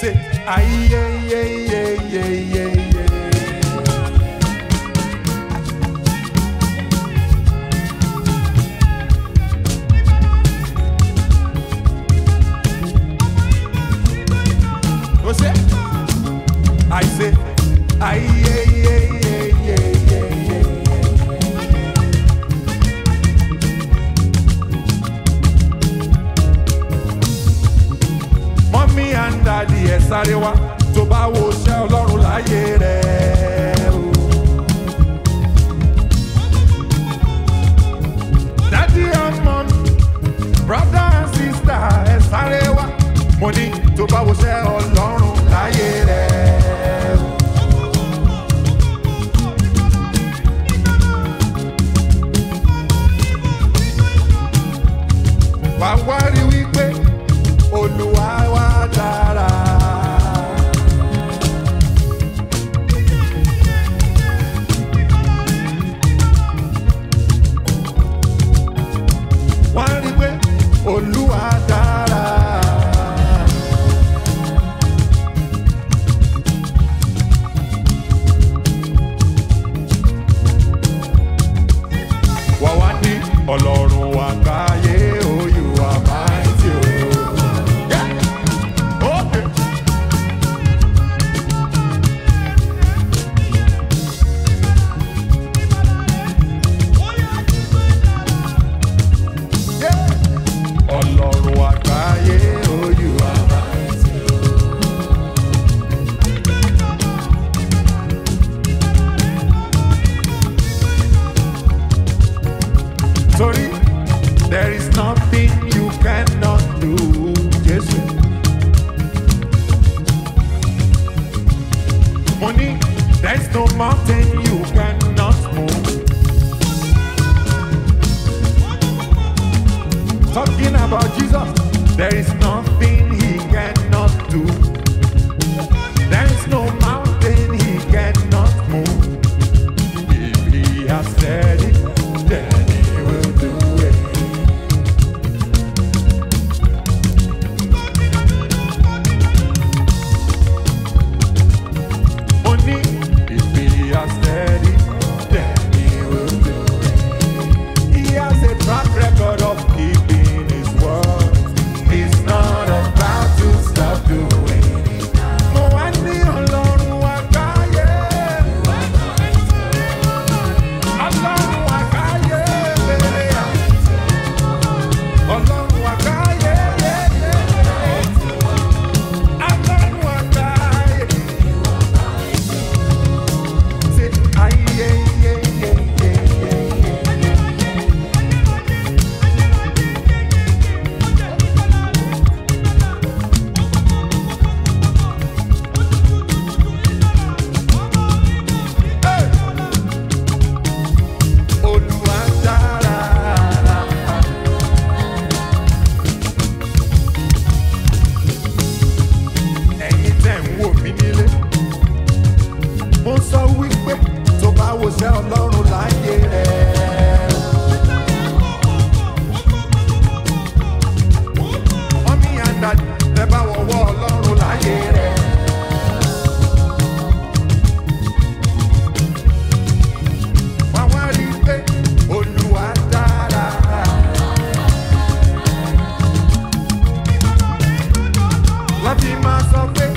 Say, aye, aye, aye. no. torí there is nothing you cannot do Jesus. Money, there's there is no mountain you cannot move. Talking about Jesus, there is Love you myself.